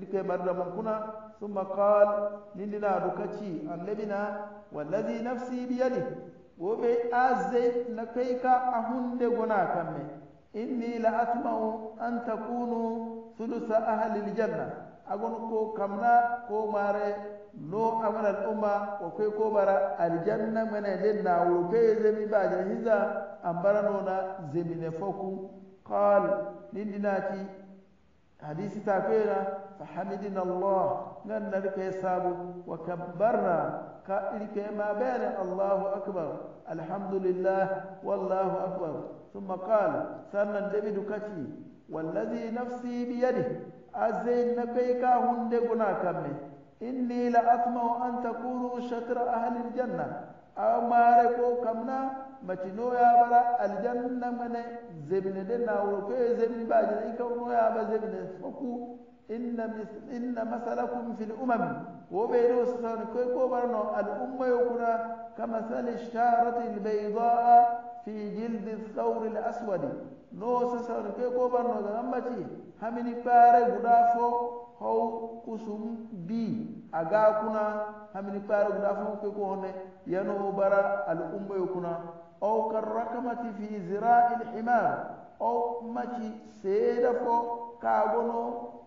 irke marda mon kuna summa qal nindina du kacci an lebina wallahi nafsi biyadi woɓe azey na kay ka a hunde gona kamme inni la atmau an takunu sulusa ahli ljanna agon ko kamna ko mare no amanal umma o koy ko bara aljanna mene nden nawuro kay zemi bajene hisa a mbaranona zemine fokum qal nindinati حديث تاكيرا فحمدنا الله لنا لك يساب وكبرنا كإلك ما بين الله أكبر الحمد لله والله أكبر ثم قال سنة جبد كتي والذي نفسي بيده أزين نبيك هندقنا كمي إني لأطمع أن تكونوا شكر أهل الجنة أو ماركو كمنا mati noyabara aljanna mane zebine de nawro koye zemin baji ne ikaw noyaba zebine fokku inna inna masalakum fil umam wo ɓeyɗo sasawne koye koɓarno al umma yo kuna kamasali charati l beydaa fi jildi thawri l aswadi no sasawne koye koɓarno ga hammati hamini paare guɗa fo haw kusum bi aga kuna hamini paare guɗa fo koye ko honne yano bara al umma yo kuna aw kalrakamati fi ziraai lhimar aw maci seeda fo kaagono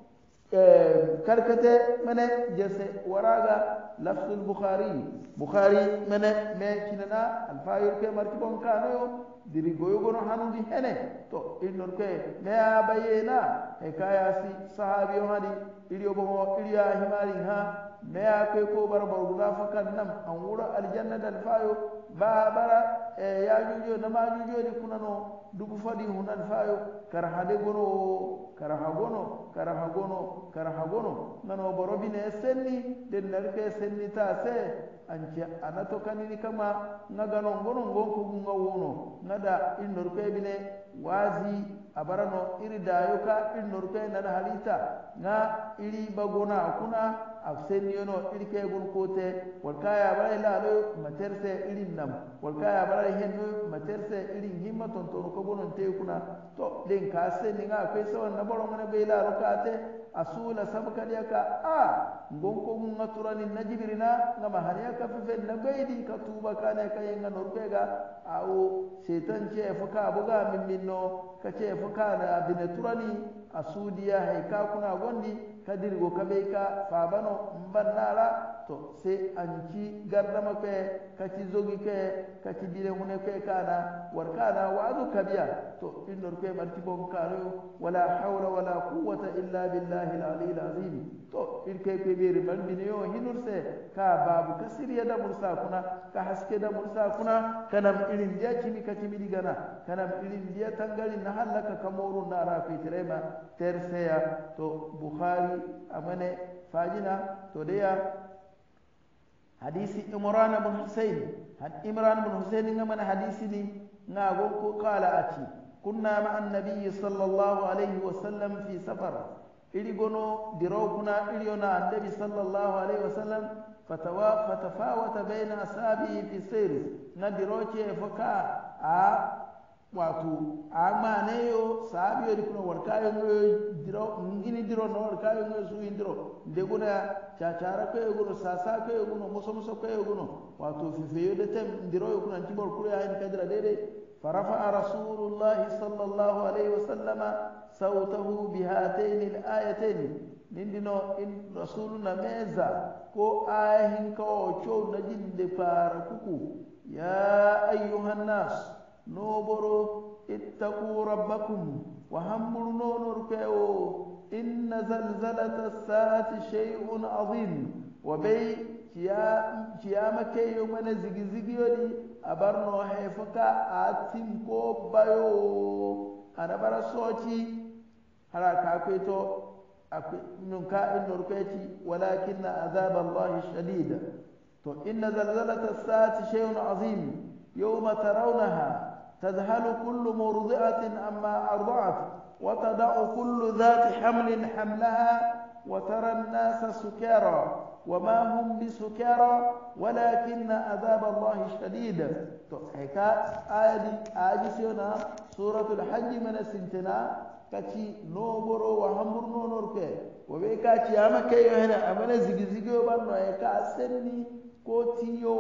karkate mene jese waraga lafsu lbuhari buhari mene me cinana alfayorke marti bon kanoyo diri goyogono hanudi hene to innon ke me a bayena e kayasi sahabi o hani iriyo bomo iriya himari ha maya ke ko bara barduga fakan nam an wura aljanna dal fayo ba bara e ya jujo na ma jujo di kunano dubu fadi hunan fayo kar hade gono kar ha gono kar ha gono kar ha gono nano borobi ne senni den narke senni ta se anci anato kanini kama nga gano gono ngon ko gunga wono nada indor pebine wazi abarano iri dayoka indor pe nada halita nga iri bagona kuna ak senniyono irkeegol kote wol ka yabarai laalo ma terse irin nam wol ka yabarai henno ma terse irin himma tontono ko gonon teekuna to len ka senninga ko sawan naborongana ɓe laalo kate a suula sabu kadiya ka a gonko gunga turanin na jibirina gama haniya ka fefen na gaydi ka tuuba kane ka yenga norbega awo setan ceefo ka boga min min no ka ceefo kana bine turani a suudiya hay kakuna gondi kadiri go kaɓey ka fabano mbannaala to se anci gardama ke kaci zogi ke kaci bire mune ke kana war kana wazu kabiya to indor ke marti bon karo wala hawla wala quwwata illa billahi alali alazim to in ke ke bire ban binio hinur se ka babu kasir ya da mursa kuna ka haske da mursa kuna kanam irin dia chimi kaci midi gana kanam irin dia tangali na halaka kamoru na rafi tirema terseya to bukhari amane fajina to deya hadisi imran ibn husayn had imran ibn husayn nga mana hadisi ni nga gonko qala ati kunna ma annabi sallallahu alayhi wa sallam fi safar iri gono diro kuna iri ona annabi sallallahu alayhi wa sallam fatawa fatafawata bayna asabi fi sayr na diro ce fuka a wato a mane yo sabi yori kuno war kayo ngoyo diro ngini diro no war kayo ngoyo su indiro de guna cha cha ra ko yogo sa sa ko yogo no moso moso ko yogo no wato fi fe yode tem diro yogo nan tibor kuro ya en kadira dede fa rafa rasulullah sallallahu alaihi wasallam sawtahu bi hatain al ayatain nin dino in rasuluna meza ko ayahin kawo cow najinde para kuku ya ayuha nnas نوبرو اتقوا ربكم وهمر نونر كيو إن زلزلة الساعة شيء عظيم وبي kiyama ke yo mana zigizigi yodi abar no hefaka atim ko bayo anabara soci hara ka kweto nun ka in norkeci walakin azab Allah shadid to inna zalzalata as-saati shay'un azim yawma tarawnaha تذهل كل مرضعة أما أرضعت وتدع كل ذات حمل حملها وترى الناس سكارى وما هم بسكارى ولكن عذاب الله شديد حكا آيدي آجسينا سورة الحج من سنتنا kaci nooboro wa hamburnonorke wo ɓe ka ciyama keyo hene amana zigi zigio ɓanno e ka senni ko tiyo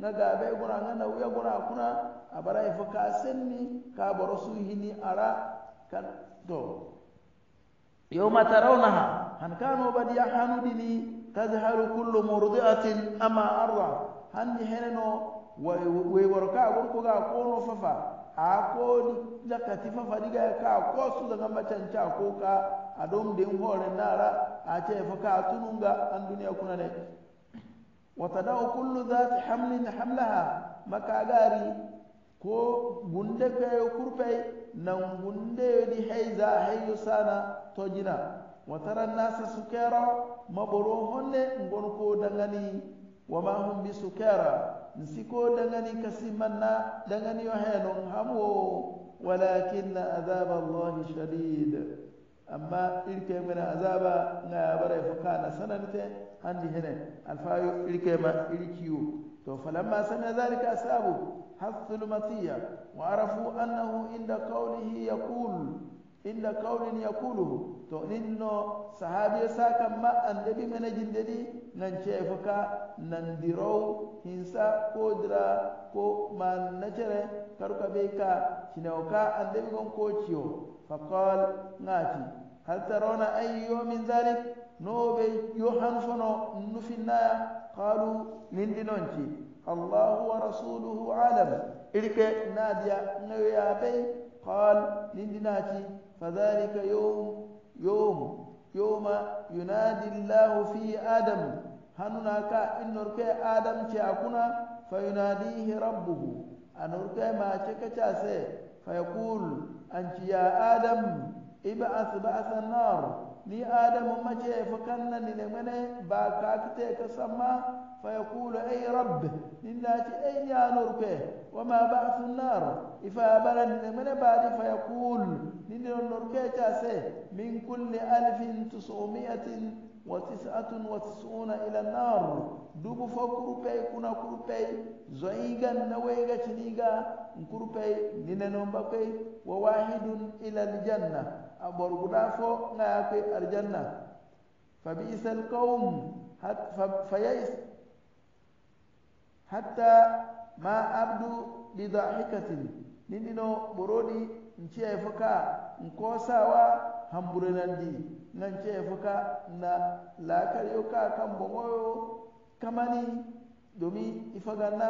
nagaɓe gona ganna wiya gona kuna abara e fo ka senni ka boro suhini ara kan to yawma tarawnaha han kano badi ya hanu dini tazharu kullu murdiatin ama arra hanni heneno way woro ka gon ko ga ko no fafa a ko ni zakati fafa diga e ka ko su daga macan cha ko ka adon den hore nara a ce fo ka tununga an duniya kuna ne wa tadau kullu dhati hamlin hamlaha maka gari ko gunde kayo e kurpay nan gunde yodi hayza hayyo sana tojina wa tara nasa sukara maboro honne ngon ko dangani wa ma hum bi sukara nsiko dangani kasi manna dangani yo heno hamwo walakinna azaba allah shadid amma irke mena azaba ngaya bare fo kana sanante handi hene alfayo irke ma irkiyo فلما سمع ذلك أسابه حث لمثية وعرفوا أنه عند قوله يقول عند قول يقوله تؤنن صحابي ساكا ما أندبي من جندري ننشيفك نندرو هنسا قدرا كو ما نجري كاروكا بيكا شنوكا أندبي كون كوشيو فقال ناتي هل ترون أي يوم من ذلك نوبي يوحن فنو نفنا قالوا نندنونتي الله ورسوله عالم إلك ناديا نويا بي قال نندناتي فذلك يوم يوم يوم ينادي الله في آدم هنناك إنرك آدم تأكنا فيناديه ربه أنرك ما شكتاسي فيقول أنت يا آدم ابعث بعث النار li adamu mace fa kanna ni ne mene ba ka kite ka samma fa yaqulu ay rabb ni la ti ay ya nur ke wa ma ba'thu nar ifa bala ni ne mene ba di fa yaqul ni ne nur ke ta se min kulli alfin tus'umiyatin wa tis'atun wa tis'una ila nar dubu fa kurpe kuna kurpe zoigan na wega chiniga kurpe ni ne no mbakai wa wahidun ila aljanna a bor guɗa fo gaya koye aljanna fa bisa l qawm fa yais hatta ma abdu li dahikatin nin ino ɓoroɗi n ciyay fo ka n kosawa hamburenandi gan ciyay fo ka na lakaryo ka kan bogoyo kamani domi ifaganna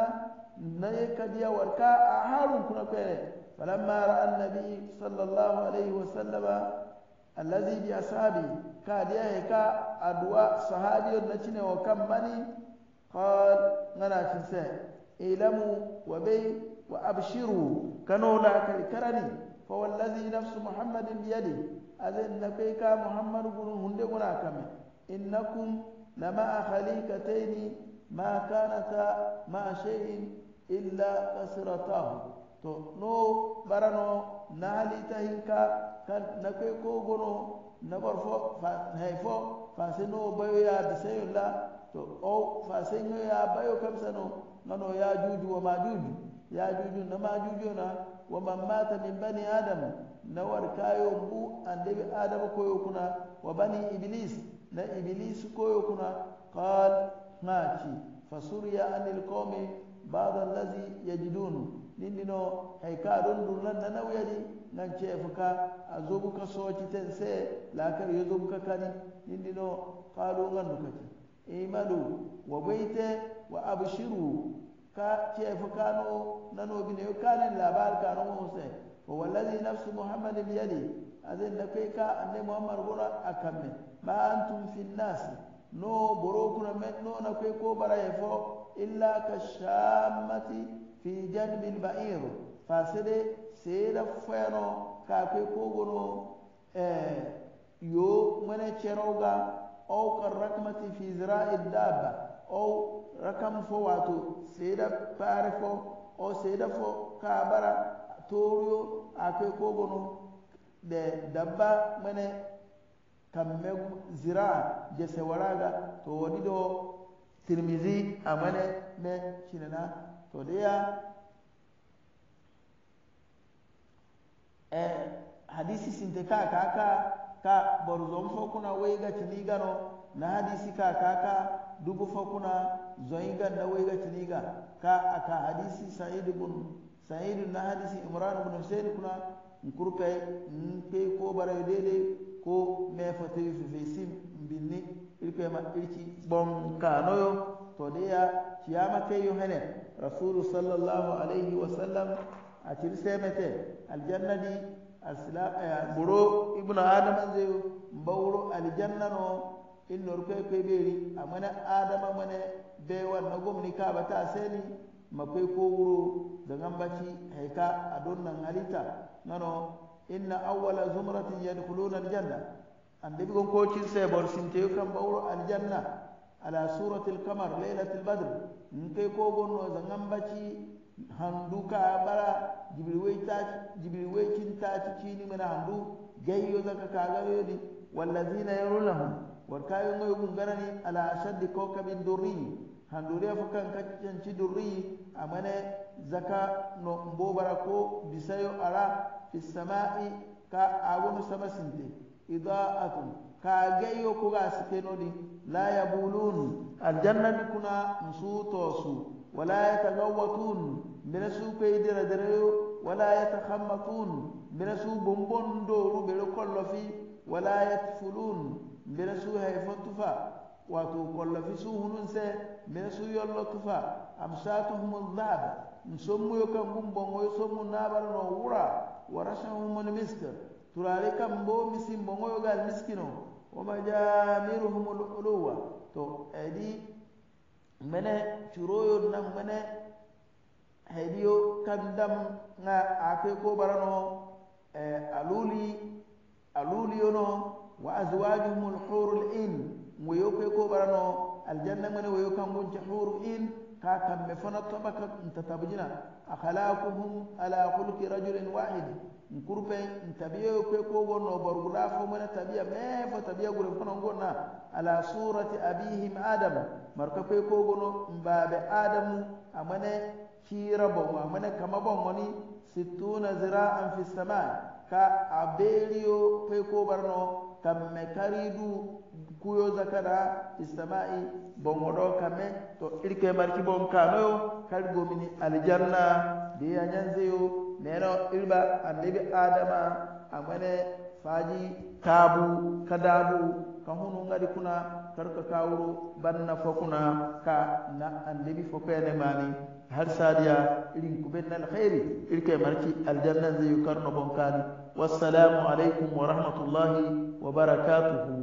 naye kadiya war ka a harun kuna kere فلما رأى النبي صلى الله عليه وسلم الذي بأصحابه يا يهكا أدواء صحابي نتنا وكمني قال ننا تنسى إلموا وبي وأبشروا كانوا لا كرني فوالذي نفس محمد بيده أذن نكيك محمد بن هندقنا كما إنكم لما خليكتين ما كانتا مع شيء إلا كسرتاه to no barano naali tahinka kan nakoy ko gono nabar fo fa hay fo fa se no bayo ya de sayo la to o fa se no ya bayo kam sano nono ya juju wa ma juju ya juju na ma juju na wa man mata min bani adam nawar kayo bu ande bi adam ko yo kuna wa bani iblis na iblis ko yo kuna qal ngati fa surya anil qawmi ba'da allazi yajidunu ninnino hay ka ɗon ɗum lannanawyani gan ceefo ka a jogu ka sooci ten se laka yo jogu ka kani ninnino qaalu gandu kati imalu wa beyte wa abchiru ka ceefo kano nanoɓi neyo kanen labar kano mose fo wallahi nafsu mouhammadi biyadi aden dakoy ka anne mouhammad gona a kamme ma antum fi nnasi no borokuna men no nakoy ko baraye fo illa ka shammati fi janbin ba'ir fa sede seeda feno ka koy kogono e yo mene cerowga aw ka rakmati fi zira'i dabba aw rakam fo wato seeda pare fo o seeda fo kabara toruyo a koy kogono de dabba mene kamme zira jese waraga to woni ɗo tirmisi amane me cinana Kemudian eh, hadisi sinteka kaka ka barzon fokuna wai ga tiligano na hadisi ka kaka dubu fokuna zoinga na wai ga tiliga ka aka hadisi sa'id ibn na hadisi imran ibn husayn kuna nkurkai nkai ko bare dele ko me fatayu fi sim binni irke maɓɓirki ɓonkanoyo to ndeya ciyamateyo henen rasulu sallllahu alayhi wa sallam atir semete aljannadi eh, ɓuro ibnu adama zeyo mbawro aljanna no innorkoye koye ɓeeri amone adama mone be wanno gomni kabata seni makoye ko wuro dagambati hayka adonna ngalita nano inna awala zumratin yadkhuluna aljanna an ɗeɓi gon kocin sebor sinteyo kam bawro aljanna ala suratil kamar laylatil badr nkey kogonno sa gambaci handu ka ɓara jibri weytaci jibri weycintaci cini mena handu gayyo saka kagaweyodi wallahina yarunahum wat kayo goyo ɗum garani ala ashaddi kokabin durriyi handu riya fo kan kaccanci durriyi amane zaka no mbobara ko bisayo ara fi samai ka agono sama sinteyo idaa'atun kaageyyo kugaa sikenodi laa yabuluun aljannani kuna musuu toosu walaa yatagawwatuun minesuu peydira dereyo walaa yatahammatuun minesuu bonbon dooru bere kollofi walaa yatfuluun minesuu hayfotufa wato kollofisu hununse minesuu yollotufa amsaatuhum dhahab nsommuyo kangun bongoyo sommu naabara noo wura warasahum lmisk turare kam bo misimbo goyogal miskino wo majamiruhum luwa to eɗi mene curoyo nan mene heɗiyo kandam ga ape ko barano e aluli aluliyono wa azwajuhum lhuru l in woyo pe ko barano aljanna mene woyo kangunce huru in ka kamɓe fana toɓa ka n tatabjina a halakuhum ala hulki rajulin wahidi n kurpe n tabiyeke kogonno borgura fomone tabiya mefo tabiyagure fonongonna ala surati abihim adam marka kue kogono n baɓe adamu amane kira bomo amane kama bomoni sittuna ziraan fi lsama ka a beeriyo kue kobarno kamme kari du kuyoza kada istamai bongoɗo kame to irke marki bon kanoyo kadi gomini aljanna de ya ñanseyo neno irba annabi adama amane faji kaabu ka daabu ka hunu gadi kuna karka kawuru banna fo kuna ka na annabi fo kene mani har sadiya irin kubennal hayri irke marki aljanna zeyo karno bon kani wassalamu alaykum wa rahmatullahi wa barakatuhu